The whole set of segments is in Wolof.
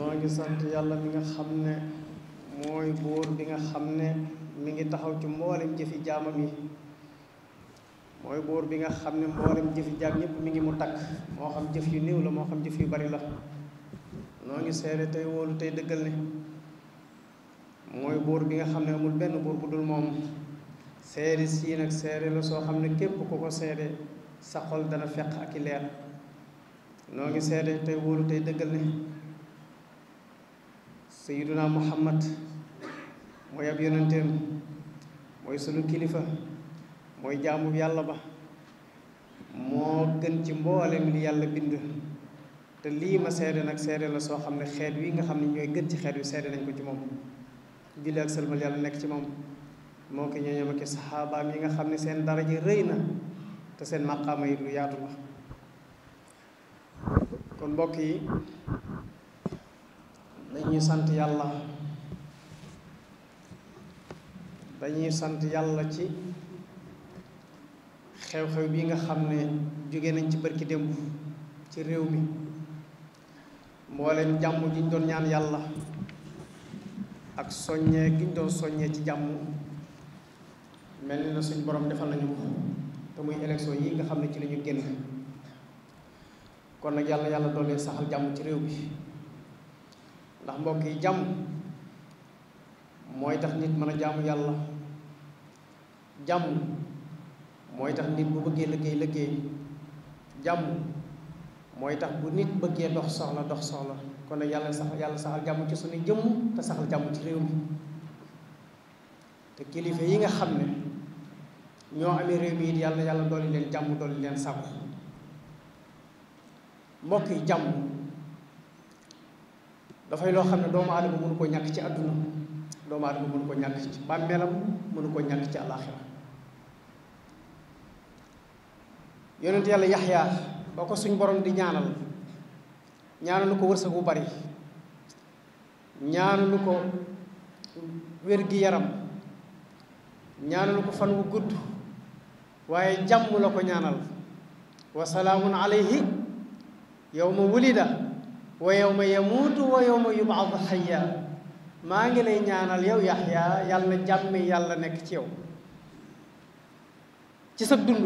noo ngi sant yàlla mi nga xam mooy buur bi nga xam ne mi ngi taxaw ci mboolem jëfi jaamam yi mooy buur bi nga xam ne mboolem jëfi mi ngi mu takk moo jëf yu néew la moo xam jëf yu bari la noo ngi seede tey wóolu tey dëggal mooy buur bi nga xam ne amul benn buur bu dul moom seede sii nag seede la soo xam ne képp ko ko seede sa xol dana feq ak i leer noonu ngi tey wóolu tey dëggal ne سيدنا محمد موي اب يونتيم موي سونو كليفا موي جامو يالا با مو گن سي مبولم li يالا بيند te لي ما seede nag seede la سو خامني خيت وي nga xamni ñoy gën ci xeet wi sédé nañ ko ci moom julli ak sëlmal yàlla nek ci mom mo ko ñama ke sahaba mi nga xamni seen dara ji reyna te seen maqama yi lu yaatu la kon mbokk yi dañuy sant yàlla dañuy sant yàlla ci xew-xew bi nga xam ne jóge nañ ci barki démb ci réew mi mbooleem jàmm gi ñu doon ñaan yàlla ak soññee gi ñu doon soññee ci jàmm mel ni na suñ borom defal nañu ko te muy élection yi nga xam ne ci lañu génn kon nag yàlla yàlla doole saxal jàmm ci réew bi ndax mbokk yi jàmm mooy tax nit mën a jàmm yàlla jàmm mooy tax nit bu bëggee liggéey liggéey jàmm mooy tax bu nit bëggee dox soxla dox soxla kon nag yàlla sax yàlla saxal jàmm ci suñu jëmm te saxal jàmm ci réew mi te kilifa yi nga xam ne ñoo amee réew mi it yàlla yàlla dolli leen jàmm dolli leen sàmm mbokk yi jàmm dafay loo xam ne doomu aadama mënu ko ñàkk ci àdduna doomu aadama mënu ko ñàkk ci bàmmeelam mënu ko ñàkk ci àllaaxira yonent yàlla yaxyaa ba ko suñ borom di ñaanal ñaanalu ko wërsëg bu bari ñaanalu ko wér gi yaram ñaanalu ko fan wu gudd waaye jàmm la ko ñaanal wa salaamun alayhi yawma wulida wa yawma yamutu wa yawma yub'adhu hayya ma ngi lay ñaanal yow yahya yalla na jàmmi yàlla nekk ci yow ci sa dund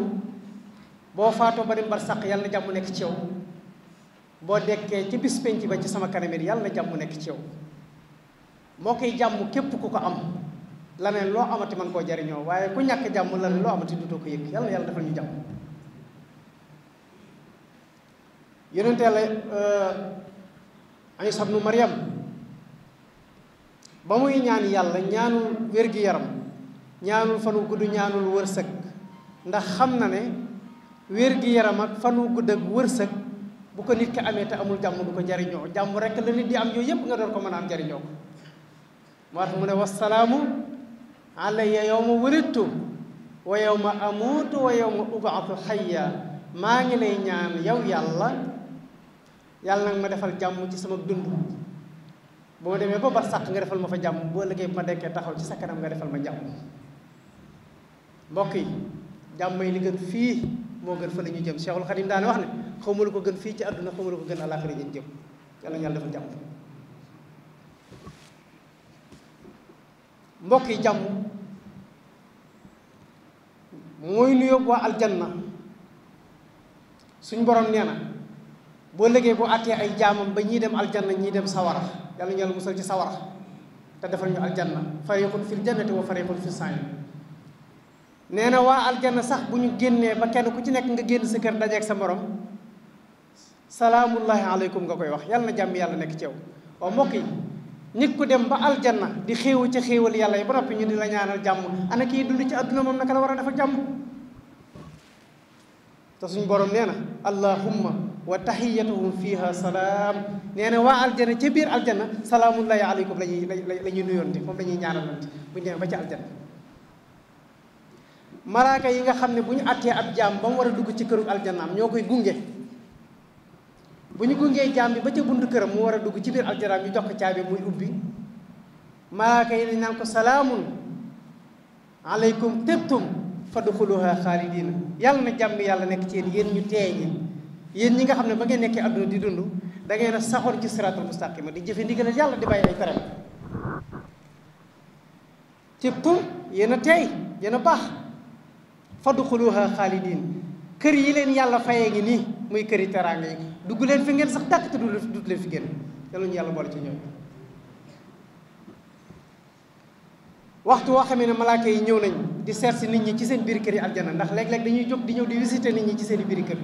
bo faato bari mbar sax yalla na jàmm nekk ci yow bo dekke ci bis penc ba ci sama kanamir yalla na jàmm nek ci yow moo koy jàmm ku ko am laneen lo amati man ko jariño waye ku ñak jàmm laneen lo amati dutoo ko yek yalla yalla dafa ñu jàmm yonente euh Iisaa ibnu Maryam ba muy ñaan yàlla ñaanul wér yaram ñaanul fan wu gudd ñaanul wërsëg ndax xam na ne wér-gi-yaram ak fan wu gudd ak wërsëg bu ko nit ki amee te amul jàmm du ko jariñoo jàmm rekk la nit di am yooyu yëpp nga doon ko mën a am jariñoo ko moo mu ne wassalaamu alayya yow ma wulidtu wa yow ma amuutu wa yow ma ubaatu xayya maa ngi lay ñaan yow yàlla yàlla nag ma defal jàmm ci sama dund bu ma demee ba bar sàq nga defal ma fa jàmm boo liggéey ma dekkee taxaw ci sa kanam nga defal ma jàmm mbokk yi jàmm yi li gën fii moo gën fa la ñu jëm Cheikhul Khadim daane wax ne xamul ko gën fii ci àdduna xamul ko gën àllaaxira ñu jëm yàlla yàlla defal jàmm mbokk yi jàmm mooy nuyoo waa aljanna suñ borom nee na bo legge bo até ay jammam ba ñi dem aljanna ñi dem sawara yalla ñal yàlla musal ci sawara ta defal ñu aljanna fariqun fil jannati wa fariqun fis sa'i neena wa aljanna sax bu ñu génnee ba kenn ku ci nek nga génn sa kër ak sa morom salaamullahi alaykum nga koy wax yalla jamm yalla nek ci yow o mokki nit ku dem ba aljanna di xewu ci xewal yalla yi ba ñu di la ñaanal jamm ana ki dund ci aduna mom naka la wara defal ta suñ borom neena allahumma wa tahiyyatuhum fiha salam. neena na aljana ci bir aljana salaamullahi aleykum alaykum lañuy lañuy nuyonté nuyoonte lañuy la ñuy ñaanalante bu ñu ba ci aljana malaaka yi nga xamne buñu atté ab jaam ba mu wara dugg ci këru aljana am ñokoy gungé buñu gungé bi ba ci buntu mu wara dugg ci bir aljana mi jox caabi muy ubbi malaaka yi dañ ko salamun alaykum tibtum fadxuluha khalidin yàlla na jàmm yàlla nekk ci yeen ñu teñ yeen ñi nga xamne ba ngeen nekkee aduna di dundu da ngay na saxor ci siratul mustaqim di jëfe ndigal yalla di bay ay tere surtout yéen a teey yéen a baax fadxuluha xaalidin kër yi leen yalla fayé ngi ni muy yi teranga yi duggu leen fi ngeen sax tak te dut leen fi ngeen yalla ñu yalla bol ci ñoom waxtu wo xamene ne malaaka yi ñew nañ di sét si nit ñi ci seen biir kër yi aljana ndax léeg-léeg dañuy jóg di ñew di visiter nit ñi ci seen biir kër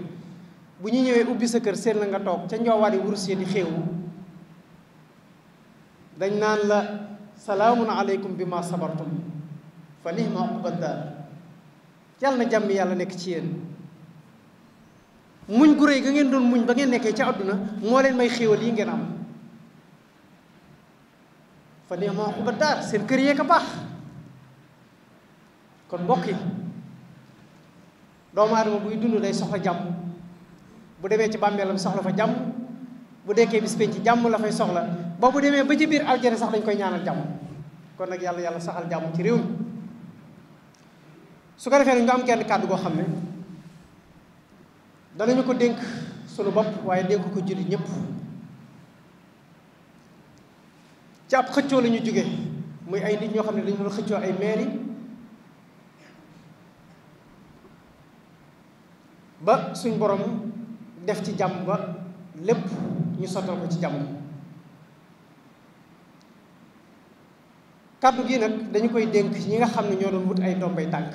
bu ñi ñewé ubbi sa kër seen la nga tok ca njoowaat yi wurus yi ya di xewu dañ naan la alaykum bima sabartum fa nihma na jamm yalla nek ci yeen muñ gu reey ga ngeen doon muñ ba ngeen nekké ci aduna mo leen may xewal yi ngeen am فاليوم بدار سير ka bax kon bokki do maaru buy dundu day soxla jam. bu demee ci bambelam soxla fa jam bu deke bis penc ci jam la fay soxla ba bu demee ba ci bir aljere sax dañ koy ñaanal jam kon nak yalla yalla saxal jam ci rew su ko defee nga am kenn kaddu go xam ne ko denk sunu bop waye denk ko jullit ñëpp ci ab xëccoo lañu ñu jóge muy ay nit ñoo xam ne dañu doon xëccoo ay mairie ba suñ borom def ci jàmm ba lépp ñu sottal ko ci jàmm kàddu gi nag dañu koy dénk ñi nga xam ne ñoo doon wut ay ndombay tànk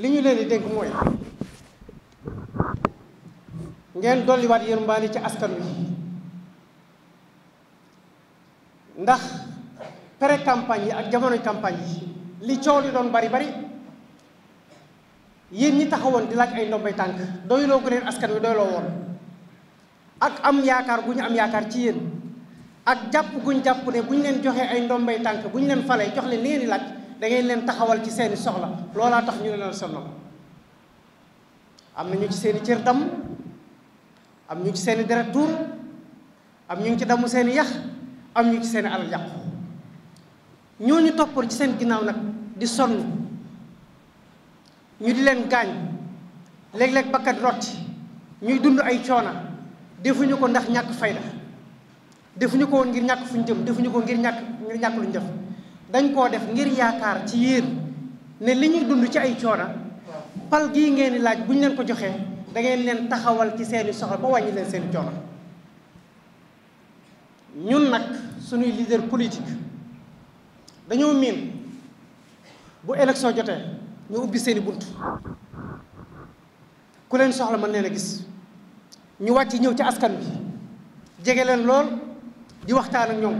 li ñu leen di dénk mooy ngeen dolliwaat yërmande ci askan wi ndax pré campagne yi ak jamono campagne yi li coow li doon bari bari yéen ñi taxawoon di laaj ay ndombay tànk doyloo ko leen askan wi doyloo woon ak am yaakaar gu ñu am yaakaar ci yéen ak jàpp gu ñu jàpp ne bu ñu leen joxee ay ndombay tànk bu ñu leen falee jox leen li ngeen di laaj da ngay leen taxawal ci seeni soxla loolaa tax ñu leen sonnal am na ñu ci seeni cër dam am ñu ci seeni deret tour am ñu ci damu seeni yax am ñu ci seeni alal yàqu ñooñu toppal ci seen ginnaaw nag di sonn ñu di leen gaañ léeg-léeg bakkat rotti ñuy dund ay coona defuñu ko ndax ñàkk fayda defuñu ko woon ngir ñàkk fuñ jëm defuñu ko ngir ñàkk ngir ñàkk luñ def dañ ko def ngir yaakar ci yeen ne liñu dund ci ay ciora pal gi ngeen laaj buñu len ko joxe da ngeen len taxawal ci seenu soxal ba wàññi len seenu ciora ñun nak suñu leader politique dañu min bu election jotee ñu ubbi seeni buntu ku len soxla man leena gis ñu wacc ñew ci askan bi jege lool di waxtaan ak ñom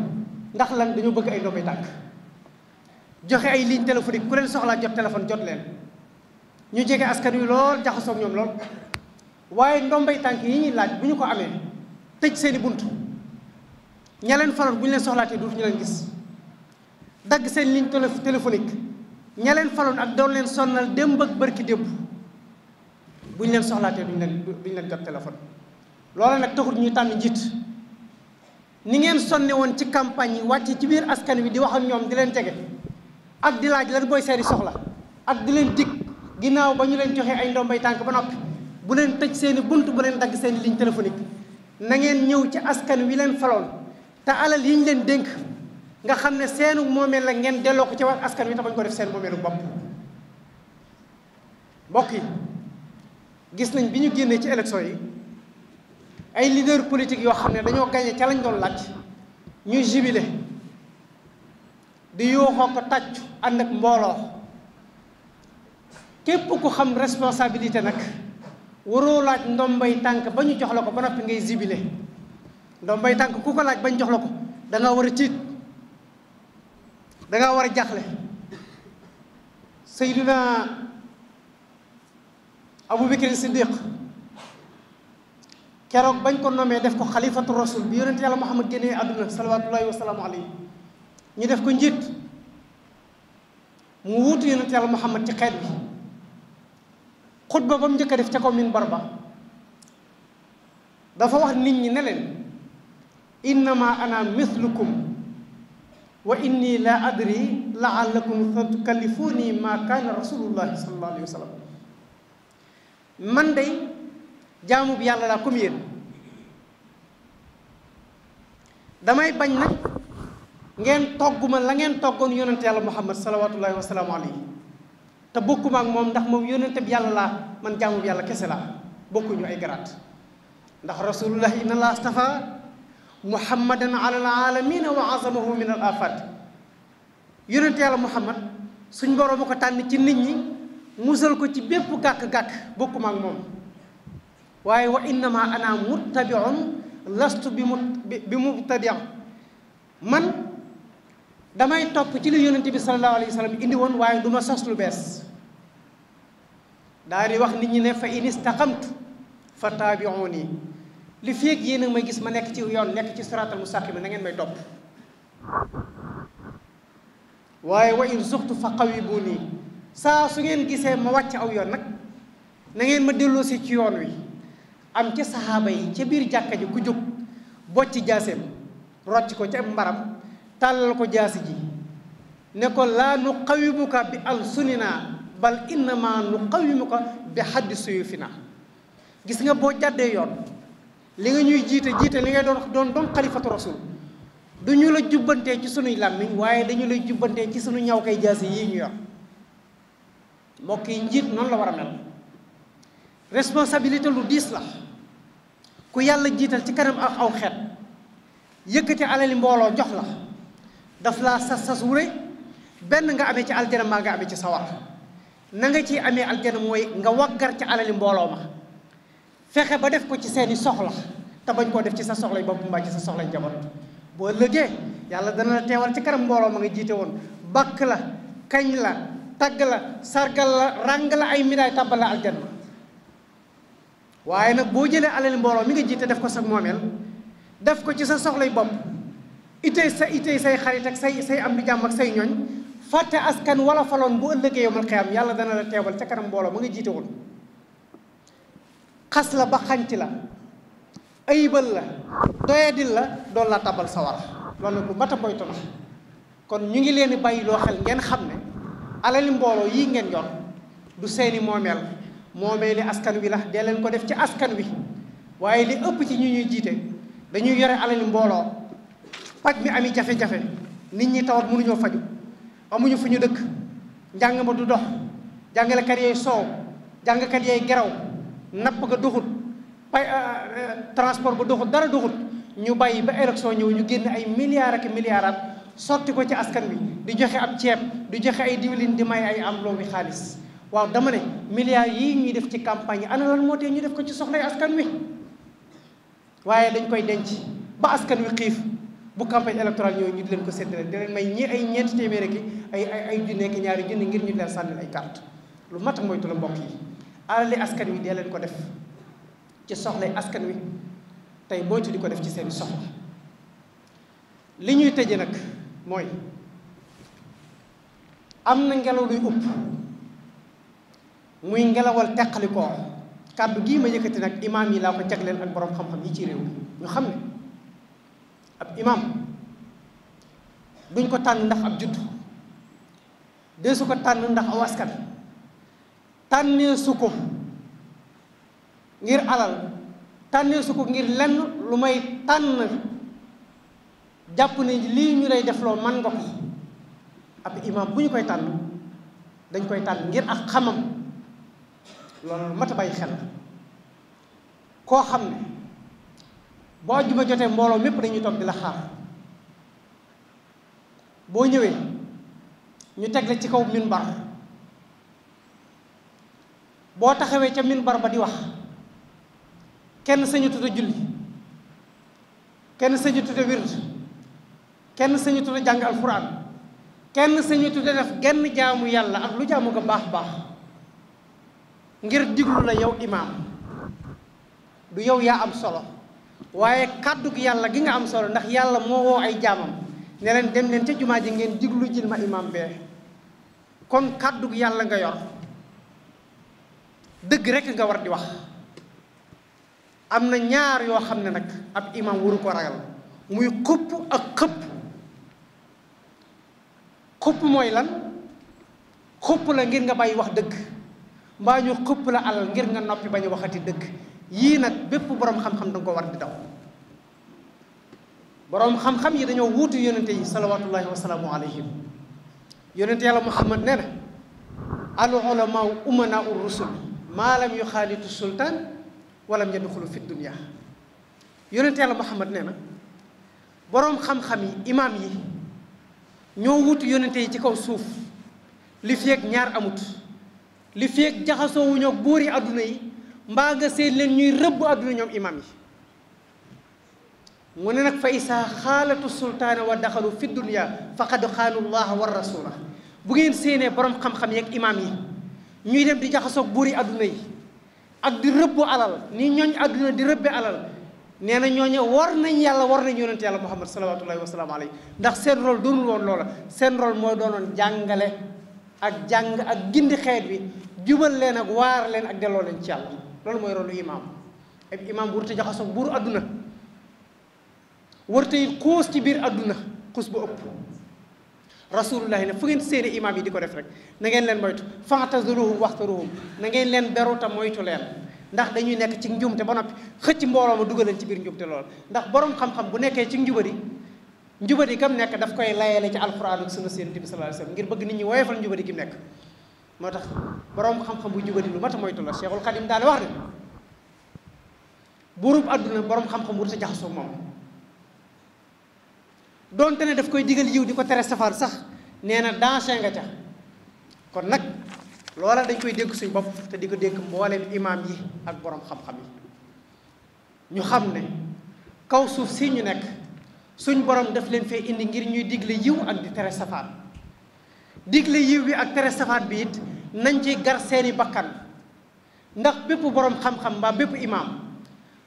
ndax lan dañu bëgg ay tak joxe ay ligne téléphonique ku len soxla jot téléphone jot len ñu jégué askan yu lool jaxoso ñom lool waye ndombay tank yi ñi laaj buñu ko amé tejj seen buntu ñalen leen buñu len ñu leen soxlaatee ñu len gis dag seen ligne téléphonique ñalen falon ak doon len sonnal démb ak barki démb buñu len leen soxlaatee duñ leen duñ leen jot téléphone loola nak taxul ñu tànn jitt ni ngeen sonné won ci campagne wacc ci bir askan wi di wax ak ñom di len tégué ak di laaj lan mooy seeni soxla ak di leen dig ginnaaw ba ñu leen joxee ay ndombay tànk ba noppi bu leen tëj seeni bunt bu leen dagg seeni ligne téléphonique na ngeen ñëw ci askan wi leen faloon te alal yi ñu leen dénk nga xam ne seenu moomeel la ngeen delloo ko ci wax askan wi te bañ ko def seen moomeelu bopp mbokk yi gis nañ bi ñu génnee ci élection yi ay leader politique yoo xam ne dañoo gagné ca lañ doon laaj ñuy jubilé di yo ko tàccu ànd ak mbolo kep ku xam responsabilité nak waro laaj ndombay tank bañu jox lako ba nopi ngay zibile ndombay tank ku ko laaj bañ jox lako ko da nga wara a da nga war a jaxle sayduna abubakar siddiq kérok bañ ko nomee def ko khalifatu rasul bi yaronte yalla muhammad gene aduna salawatullahi wasalaamu alayhi ñu def ko njiit mu wuutu yonent yàlla muhammad ci xet bi khutba bam jëk def ci ko min barba dafa wax nit ñi ne leen innama ana mithlukum wa inni la adri laallakum tukallifuuni ma kana rasulullah sallallahu alaihi wasallam man day jaamu bi yàlla la kum yéen damay bañ nak ngeen togg ma la ngeen toggon yonent yalla muhammad sallallahu alaihi wasallam ali te bokuma ak mom ndax mom yonente bi yalla laa man yalla yàlla la bokku ñu ay grat ndax rasulullah inna allah astafa muhammadan ala al wa azamahu min al afat yonente yalla muhammad suñ borom ko tan ci nit ñi musal ko ci bepp gak gak bokuma ak mom waye wa ma ana muttabiun lastu bi mu man damay top ci li yonent bi sallallahu alayhi wasallam indi won waaye duma ma sos lu bes daa wax nit ñi ne fa inistaqamtu fatabi'uni li feeg yéen a may gis ma nek ci yoon nek ci siratal mustaqim na ngeen may top waye wa in zuqtu fa qawibuni sa su ngeen gisee ma wacc aw yoon nak na ngeen ma delo ci yoon wi am ci sahaba yi ca bir jàkka ji ku jóg bocc jaaseem rocc ko ci mbaram tàllal ko jaasi ji ne ko laa nu xawimuka bi alsunina bal innama nu xawimuka bi xaddi suyufina gis nga boo jàddee yoon li nga ñuy jiita jiite li ngay doon doon doon xalifatu rasul du ñu la jubbantee ci sunuy làmmiñ waaye dañu lay jubbantee ci sunu ñaw kay jaasi yii ñu yor mbokk yi njiit noonu la war a mel responsabilité lu diis la ku yàlla jiital ci kanam ak aw xeet yëkkati alali mbooloo jox la daf laa sas sas wu benn nga amee ci aljana maa nga amee ci sawar na nga ciy amee aljana mooy nga waggar ci alali mbooloo ma fexe ba def ko ci seeni soxla te bañ koo def ci sa soxlay bopp mbaa ci sa soxla jabar boo lëgee yàlla dana la ci kanam mbooloo ma nga jiite woon bakk la kañ la tagg la sargal la ràng la ay midaay tàbbal la aljanna waaye nag boo jëlee alali mbooloo mi nga jiite def ko sa moomeel def ko ci sa soxlay bopp itey sa it itey say xarit ak say say am di jàmm ak say ñooñ fàtte askan wala faloon bu ëllëgee yowmal xiyaam yàlla dana la teebal ca kanam mbooloo ma nga jiite woon xas la ba xanc la ayibal la doyadil la doon la tabal sawara loolu nag lu mat a moytu la kon ñu ngi leen di bàyyi loo xel ngeen xam ne alali mbooloo yii ngeen yor du seeni moomeel moomeeli askan wi la dee leen ko def ci askan wi waaye li ëpp ci ñu ñuy jiite dañuy yore alali mbooloo paj mi ami jafe-jafe nit ñi tawat mënuñoo faju amuñu fu ñu dëkk njàng ma du dox jàngalekat yooyu soow jàngkat yooyu geraw napp ga doxut pay euh, euh, transport ba doxut dara doxut ñu bàyyi ba élection ñëw ñu génn ay milliards ak milliards sotti ko ci askan wi di joxe ab ceeb di joxe ay diwlin di may ay am lool bi xaalis waaw dama ne milliards yii ñuy def ci campagne yi ana moo tee ñu def ko ci soxlay askan wi waaye dañ koy denc ba askan wi xiif bu campagne électorale ñëwee ñu di leen ko séddale di leen may ñi ay ñeenti téeméer ak ay ay ay junne ñaari junne ngir ñu leen sànnil ay carte lu mat mooy moytu la mbokk yi alali askan wi de leen ko def ci soxlay askan wi tey moytu di ko def ci seen soxla li ñuy tëje nag mooy am na ngelaw luy upp muy ngelawal teqalikoo kàddu gii ma yëkkati nag imaam yi laa ko jagleel ak borom xam-xam yi ci réew mi ñu xam ne ab imam duñ ko tànn ndax ab judd desu ko tànn ndax aw askan tànnee ko ngir alal tànnee su ko ngir lenn lu may tànn jàpp ne lii ñu lay defloo man nga ko ab imam bu ñu koy tànn dañ koy tànn ngir ak xamam loolu mat a bàyyi xel koo xam ne bo djuma jotee mbolo mepp dañu tok di xaar bo ñëwee ñu tek la ci kaw minbar bo taxawé ci minbar ba di wax kenn sañu tuta julli kenn sañu tuta wird kenn sañu tuta jang alquran kenn sañu tuta def genn jaamu yalla ak lu jaamu ko bax bax ngir diglu la yow imam, du yow ya am solo waaye kàddug yàlla gi nga am solo ndax yàlla moo woo ay jaamam ne leen dem leen ca jumaa ji ngeen diglu jil ma imaam bee kon kàddug yàlla nga yor dëgg rek nga war di wax am na ñaar yoo xam ne nag ab imaam waru ko ragal muy këpp ak këpp këpp mooy lan këpp la ngir nga bàyyi wax dëgg mbaa ñu këpp la alal ngir nga noppi bañ a waxati dëgg yii nag bépp boroom xam-xam danga ko war di daw boroom xam-xam yi dañoo wuutu yonente yi salawatullahi wasalaamu alayhim yonente yàlla muhammad nee na al ulama umana ur rusul maa lam yu xaalitu sultaan walam yadxulu fi dunia yonente yàlla muhammad nee na boroom xam-xam yi imaam yi ñoo wuutu yonente yi ci kaw suuf li feeg ñaar amut li feeg jaxasoo wuñoo buuri àdduna yi mbaga seen len leen ñuy rëbb àdduna ñom imam yi mu ne fa isa khalatu sultan wa dakhalu fi dunia faqad xaanu allah wa rasula bu ngeen seené borom xam-xam yeeg imam yi ñuy dem di jaxaso buri aduna yi ak di alal ni ñoñ aduna di rëbbe alal neena ñoñ war nañ yalla war nañ yonent yalla muhammad Sallallahu Alaihi alayhi ndax seen rol doon won loola seen rôle mooy doonoon jàngale ak jang ak gindi xeet bi jubal leen ak war leen ak delo leen ci yalla loolu mooy rolu imaam ab imaam wërta jaxasoo buur àdduna wërta yi xuus ci biir àdduna xuus ba ëpp rasulullahi ne fu ngeen séene imaam yi di ko def rek na ngeen leen moytu fa'taziluhum wahtaruhum na ngeen leen beru te moytu leen ndax dañuy nekk ci njuumte ba noppi xëcc mbooloo ma dugal leen ci biir njuumte lool ndax borom xam-xam bu nekkee ci njubadi njubadi kam nekk daf koy layale ci alquran ak sunna seen nabi sallallahu alayhi wasallam ngir bëgg nit ñi woyofal njubadi gi nekk moo tax boroom xam-xam bu jubati lu mat a moytu la Cheikhul Xadim daane wax ne buurub àdduna boroom xam-xam bu sa jaxasoo moom donte ne daf koy digal yiw di ko tere safar sax nee na danger nga ca kon nag loola dañ koy dégg suñu bopp te di ko dégg mbooleem imaam yi ak boroom xam-xam yi ñu xam ne kaw suuf si ñu nekk suñ borom daf leen fee indi ngir ñuy digle yiw ak di tere safar digle yiw wi ak tere safaan bi it nañ ci gar seeni bakkan ndax bépp borom xam-xam ba bépp imam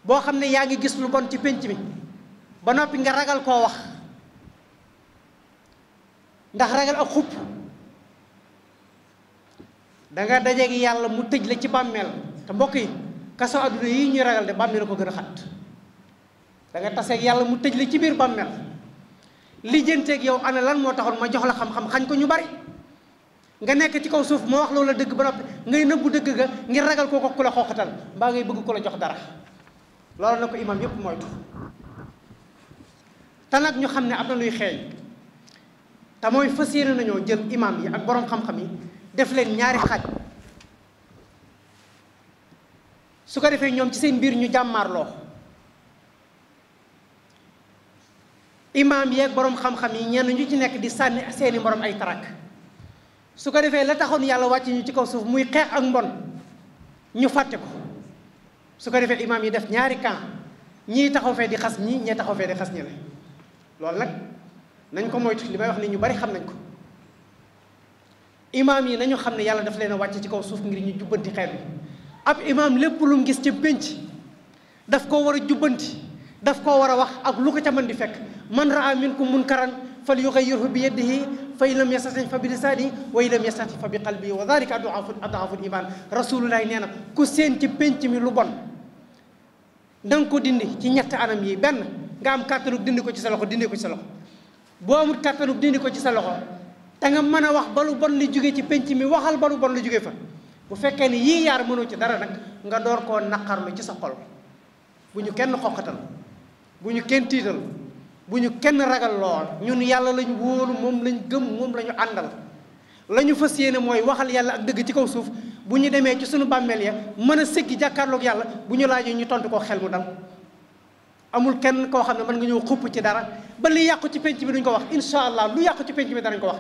bo xam ne gis lu bon ci pench mi ba nopi nga ragal ko wax ndax ragal ak nga mel, ak yalla mu tejj la ci bammel te mbokk yi kaso aduna yi ñu ragal de bammel ko xat da nga danga ak yalla mu tejj la ci bammel lijeenté ak yow ana lan mo taxon ma jox la xam-xam xañ ko ñu bari nga nekk ci kaw suuf moo wax loola dëgg ba noppi ngay nëbbu dëgg ga ngir ragal koo ko ku la xooxatal mbaa ngay bëgg ku la jox dara loolu na ko imaam yépp mooy te nag ñu xam ne am na luy xeeñ te mooy fas yéene nañoo jël imaam yi ak boroom xam-xam yi def leen ñaari xaj su ko defee ñoom ci seen biir ñu jàmmaarloo imaam yeeg boroom xam-xam yi ñenn ñu ci nekk di sànni seeni moroom ay tarak su ko defee la taxoon yàlla wàcc ñu ci kaw suuf muy xeex ak mbon ñu fàtte ko su ko defee imaam yi def ñaari camp ñii taxaw fee di xas ñi ñee taxaw fee di xas ñele loolu nag nañ ko moytu li may wax ni ñu bari xam nañ ko imaam yi nañu xam ne yàlla daf leen a wàcc ci kaw suuf ngir ñu jubbanti xeet bi ab imaam lépp lu mu gis ca pénc daf koo war a jubbanti daf koo war a wax ak lu ko ca mën di fekk man raa minkum munkaran فليغيره بيده فإن لم يستطع فبلساني وإن لم يستطع فبقلبي وذلك أضعف أضعف الإيمان رسول الله نينا كو سين تي بنت مي لو بون دانكو ديندي تي نيات انام يي بن nga am katanu dindi ko ci sa loxo dindi ci sa bo amul dindi ci sa ta nga mën wax bon li jóge ci penc mi waxal ba bon li jóge fa bu fekkee ni yii yaar mënoo ci dara nag nga door koo bu ñu kenn ragal lool ñun yàlla lañu wóolu moom lañ gëm moom lañu àndal la ñu fas yéene mooy waxal yàlla ak dëgg ci kaw suuf bu ñu demee ci suñu bàmmeel ya mën a sëggi jàkkaarloog yàlla bu ñu laajee ñu tontu ko xel mu dal amul kenn koo xam ne mën nga ñëw xupp ci dara ba li yàqu ci penc bi duñ ko wax incha allah lu yàqu ci penc bi danañ ko wax